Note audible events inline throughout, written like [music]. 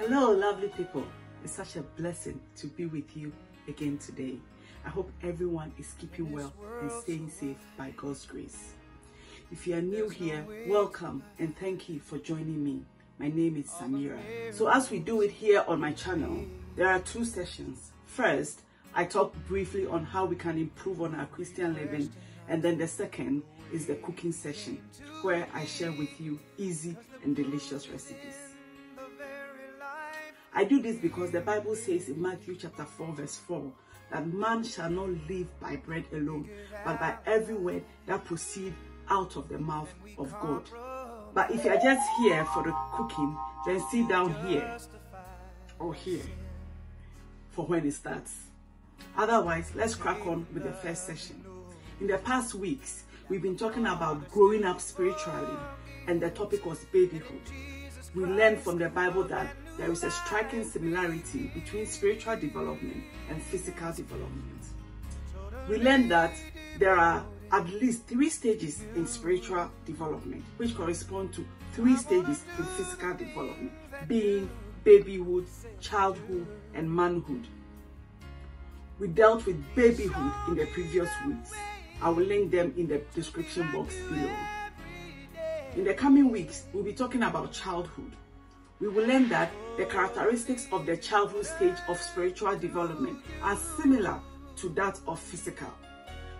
Hello, lovely people. It's such a blessing to be with you again today. I hope everyone is keeping well and staying safe by God's grace. If you are new here, welcome and thank you for joining me. My name is Samira. So as we do it here on my channel, there are two sessions. First, I talk briefly on how we can improve on our Christian living and then the second is the cooking session where I share with you easy and delicious recipes. I do this because the Bible says in Matthew chapter 4, verse 4, that man shall not live by bread alone, but by every word that proceeds out of the mouth of God. But if you are just here for the cooking, then sit down here or here for when it starts. Otherwise, let's crack on with the first session. In the past weeks, we've been talking about growing up spiritually, and the topic was babyhood. We learned from the Bible that there is a striking similarity between spiritual development and physical development. We learn that there are at least three stages in spiritual development, which correspond to three stages in physical development, being babyhood, childhood, and manhood. We dealt with babyhood in the previous weeks. I will link them in the description box below. In the coming weeks, we'll be talking about childhood we will learn that the characteristics of the childhood stage of spiritual development are similar to that of physical.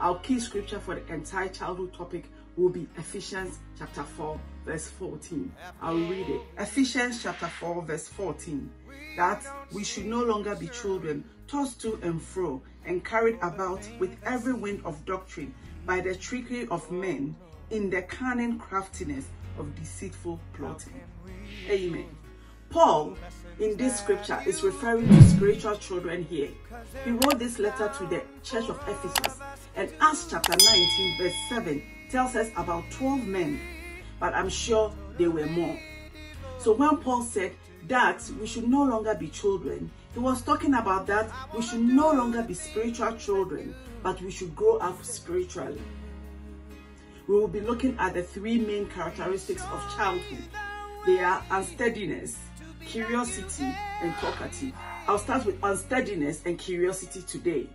Our key scripture for the entire childhood topic will be Ephesians chapter 4 verse 14. I'll read it. Ephesians chapter 4 verse 14. That we should no longer be children tossed to and fro and carried about with every wind of doctrine by the trickery of men in the cunning craftiness of deceitful plotting. Amen. Paul, in this scripture, is referring to spiritual children here. He wrote this letter to the church of Ephesus. And Acts chapter 19, verse 7 tells us about 12 men, but I'm sure there were more. So when Paul said that we should no longer be children, he was talking about that we should no longer be spiritual children, but we should grow up spiritually. We will be looking at the three main characteristics of childhood. They are unsteadiness, curiosity, and talkative. I'll start with unsteadiness and curiosity today.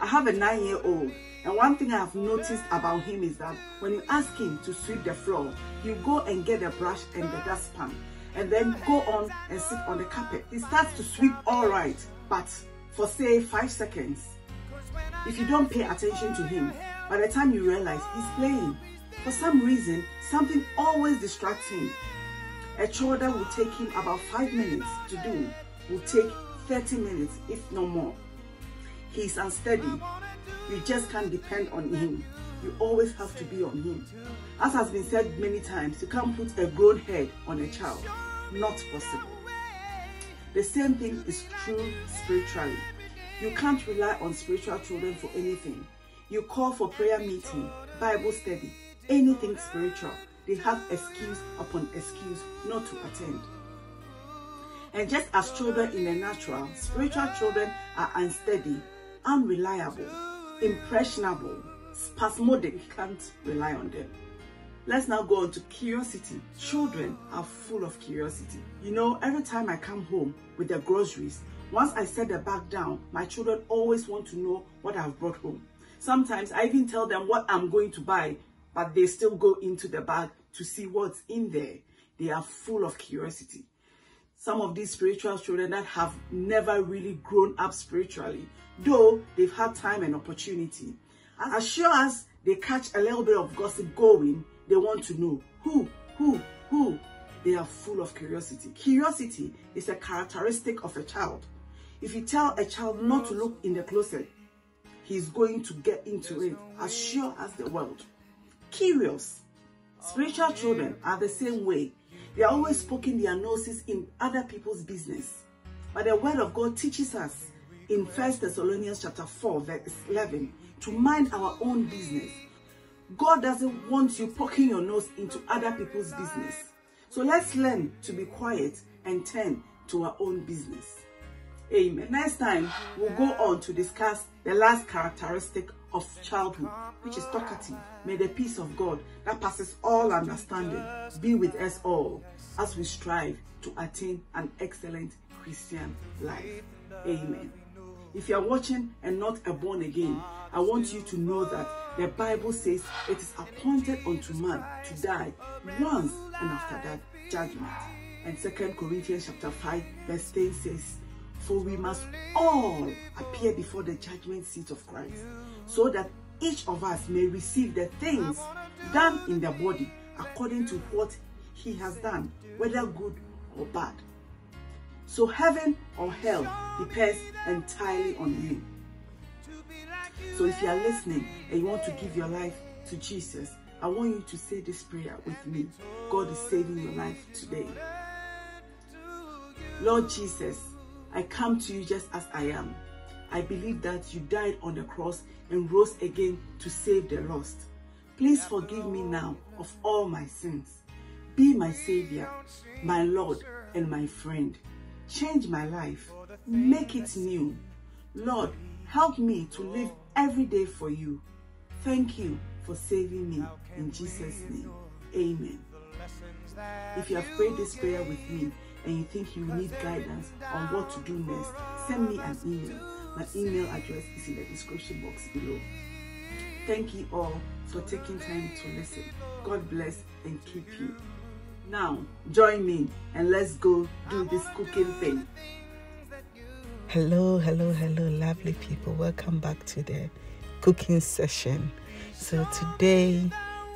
I have a nine-year-old, and one thing I have noticed about him is that when you ask him to sweep the floor, you go and get the brush and the dustpan, and then go on and sit on the carpet. He starts to sweep all right, but for say five seconds. If you don't pay attention to him, by the time you realize he's playing, for some reason, something always distracts him. A chore that will take him about 5 minutes to do will take 30 minutes, if no more. He's unsteady. You just can't depend on him. You always have to be on him. As has been said many times, you can't put a grown head on a child. Not possible. The same thing is true spiritually. You can't rely on spiritual children for anything. You call for prayer meeting, Bible study, anything spiritual they have excuse upon excuse not to attend. And just as children in the natural, spiritual children are unsteady, unreliable, impressionable, spasmodic, can't rely on them. Let's now go on to curiosity. Children are full of curiosity. You know, every time I come home with their groceries, once I set the bag down, my children always want to know what I've brought home. Sometimes I even tell them what I'm going to buy but they still go into the bag to see what's in there. They are full of curiosity. Some of these spiritual children that have never really grown up spiritually, though they've had time and opportunity, as sure as they catch a little bit of gossip going, they want to know who, who, who. They are full of curiosity. Curiosity is a characteristic of a child. If you tell a child not to look in the closet, he's going to get into it as sure as the world curious. Oh, Spiritual children are the same way. They are always poking their noses in other people's business. But the word of God teaches us in 1 Thessalonians chapter 4, verse 11, to mind our own business. God doesn't want you poking your nose into other people's business. So let's learn to be quiet and tend to our own business. Amen. Next time, we'll go on to discuss the last characteristic of childhood, which is talkative. May the peace of God that passes all understanding be with us all as we strive to attain an excellent Christian life. Amen. If you are watching and not a born again, I want you to know that the Bible says it is appointed unto man to die once and after that judgment. And 2 Corinthians chapter 5 verse 10 says, for we must all appear before the judgment seat of Christ, so that each of us may receive the things done in the body according to what he has done, whether good or bad. So heaven or hell depends entirely on you. So if you are listening and you want to give your life to Jesus, I want you to say this prayer with me. God is saving your life today. Lord Jesus, I come to you just as I am. I believe that you died on the cross and rose again to save the lost. Please forgive me now of all my sins. Be my Savior, my Lord, and my friend. Change my life. Make it new. Lord, help me to live every day for you. Thank you for saving me. In Jesus' name, amen. If you have prayed this prayer with me, and you think you need guidance on what to do next, send me an email. My email address is in the description box below. Thank you all for taking time to listen. God bless and keep you. Now, join me and let's go do this cooking thing. Hello, hello, hello, lovely people. Welcome back to the cooking session. So today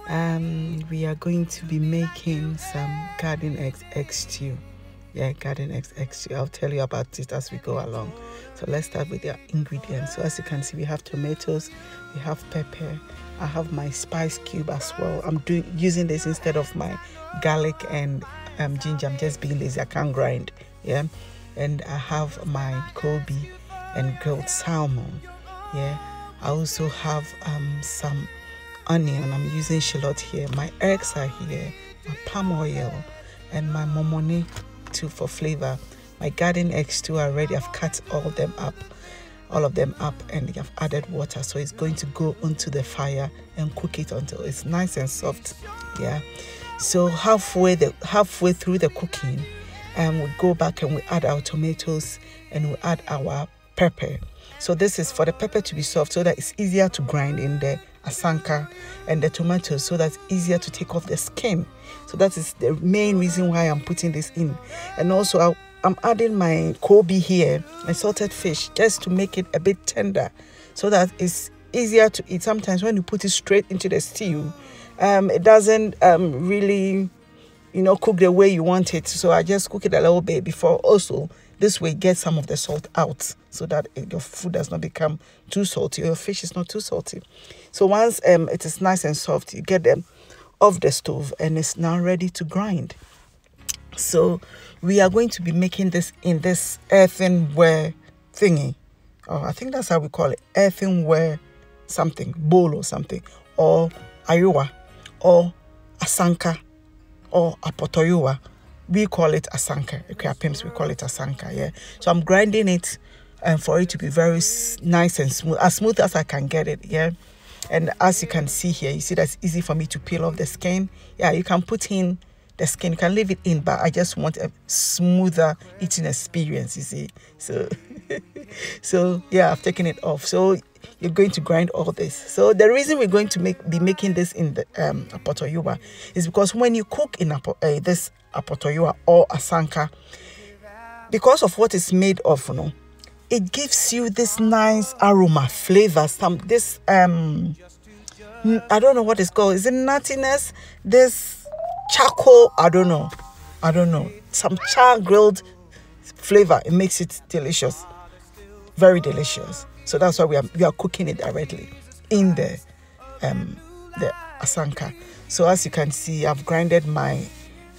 um, we are going to be making some garden eggs egg stew yeah garden extra. i'll tell you about it as we go along so let's start with the ingredients so as you can see we have tomatoes we have pepper i have my spice cube as well i'm doing using this instead of my garlic and um, ginger i'm just being lazy i can't grind yeah and i have my kobe and grilled salmon yeah i also have um, some onion i'm using shallot here my eggs are here my palm oil and my momoni Two for flavor. My garden eggs too are ready. I've cut all them up, all of them up, and I've added water. So it's going to go onto the fire and cook it until it's nice and soft. Yeah. So halfway the halfway through the cooking, um, we go back and we add our tomatoes and we add our pepper. So this is for the pepper to be soft so that it's easier to grind in there asanka and the tomatoes so that's easier to take off the skin so that is the main reason why i'm putting this in and also I, i'm adding my kobe here my salted fish just to make it a bit tender so that it's easier to eat sometimes when you put it straight into the stew um, it doesn't um, really you know cook the way you want it so i just cook it a little bit before also this way, get some of the salt out so that your food does not become too salty. Your fish is not too salty. So once um, it is nice and soft, you get them off the stove and it's now ready to grind. So we are going to be making this in this earthenware thingy. Oh, I think that's how we call it. Earthenware something, bowl or something, or ayuwa, or asanka, or apotoyuwa, we call it asanka. Okay, pimps, we call it asanka. Yeah. So I'm grinding it and um, for it to be very nice and smooth, as smooth as I can get it. Yeah. And as you can see here, you see that's easy for me to peel off the skin. Yeah, you can put in the skin, you can leave it in, but I just want a smoother eating experience, you see. So, [laughs] so yeah, I've taken it off. So you're going to grind all this. So the reason we're going to make be making this in the um, apotoyuba is because when you cook in a uh, eh, this apotoyoa or asanka because of what it's made of you know it gives you this nice aroma flavor some this um i don't know what it's called is it nuttiness this charcoal i don't know i don't know some char grilled flavor it makes it delicious very delicious so that's why we are we are cooking it directly in the um the asanka so as you can see i've grinded my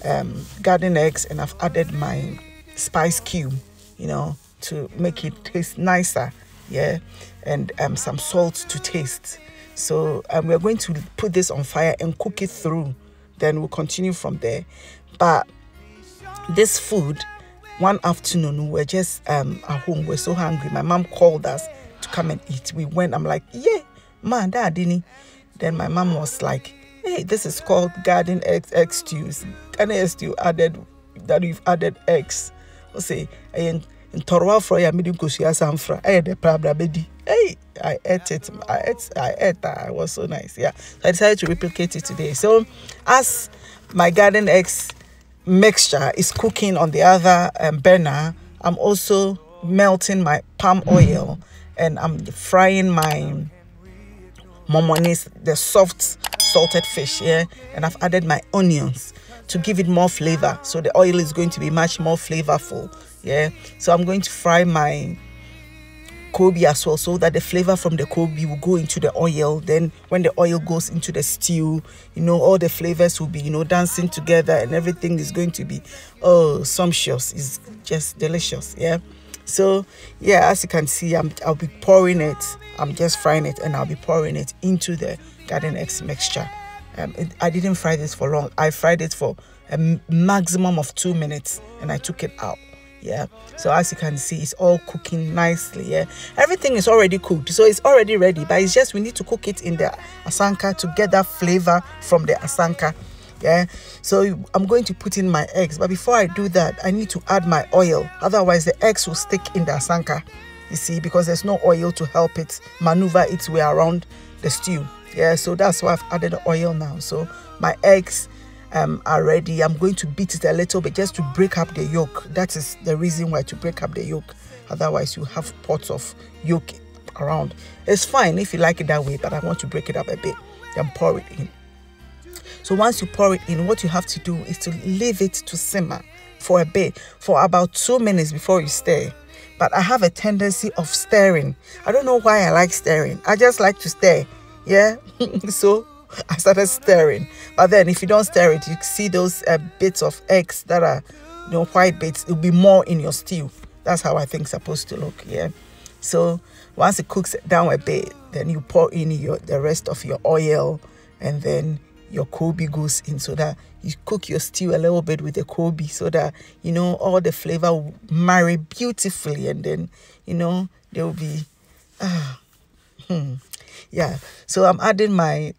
um, garden eggs and I've added my spice cube, you know, to make it taste nicer. Yeah, and um, some salt to taste. So um, we're going to put this on fire and cook it through. Then we'll continue from there. But this food, one afternoon, we we're just um, at home. We we're so hungry. My mom called us to come and eat. We went. I'm like, yeah, man, that didn't. Then my mom was like, hey, this is called garden egg, egg stews ɛna you added that you've added eggs ɔsɛ ɛyɛ ntɔrɔwa frɔ yɛ a mede nkosua san fra ɛyɛ dɛ prabra bɛdi hey i ate it i ate i ate that it was so nice yeah so i decided to replicate it today so as my garden eggs mixture is cooking on the other um, burner i'm also melting my palm oil and i'm frying my momonis the soft salted fish yeah and i've added my onions to give it more flavor so the oil is going to be much more flavorful yeah so i'm going to fry my Kobe as well so that the flavor from the Kobe will go into the oil then when the oil goes into the stew you know all the flavors will be you know dancing together and everything is going to be oh sumptuous it's just delicious yeah so yeah as you can see I'm, I'll be pouring it I'm just frying it and I'll be pouring it into the garden eggs mixture um, it, I didn't fry this for long. I fried it for a maximum of two minutes and I took it out. Yeah. So as you can see, it's all cooking nicely. Yeah. Everything is already cooked. So it's already ready. But it's just we need to cook it in the asanka to get that flavor from the asanka. Yeah. So I'm going to put in my eggs. But before I do that, I need to add my oil. Otherwise, the eggs will stick in the asanka. You see, because there's no oil to help it maneuver its way around the stew yeah so that's why i've added the oil now so my eggs um, are ready i'm going to beat it a little bit just to break up the yolk that is the reason why to break up the yolk otherwise you have pots of yolk around it's fine if you like it that way but i want to break it up a bit then pour it in so once you pour it in what you have to do is to leave it to simmer for a bit for about two minutes before you stir but i have a tendency of stirring i don't know why i like stirring i just like to stir yeah. [laughs] so I started stirring. But then if you don't stir it, you see those uh, bits of eggs that are, you know, white bits. It'll be more in your stew. That's how I think it's supposed to look. Yeah. So once it cooks down a bit, then you pour in your the rest of your oil and then your Kobe goes in so that you cook your stew a little bit with the Kobe so that you know all the flavor will marry beautifully and then you know there will be ah, hmm yeah so i'm adding my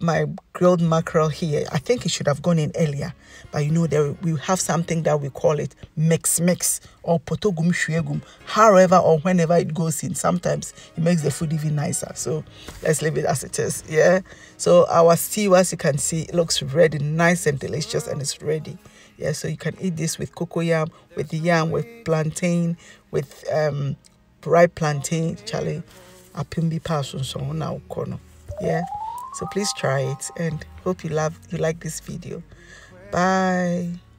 my grilled mackerel here i think it should have gone in earlier but you know there we have something that we call it mix mix or potogum shuegum however or whenever it goes in sometimes it makes the food even nicer so let's leave it as it is yeah so our stew as you can see looks really nice and delicious and it's ready yeah so you can eat this with cocoyam with yam with plantain with um ripe plantain charlie apem bi pa asonson na wokɔ yeah so please try it and hope you love you like this video bye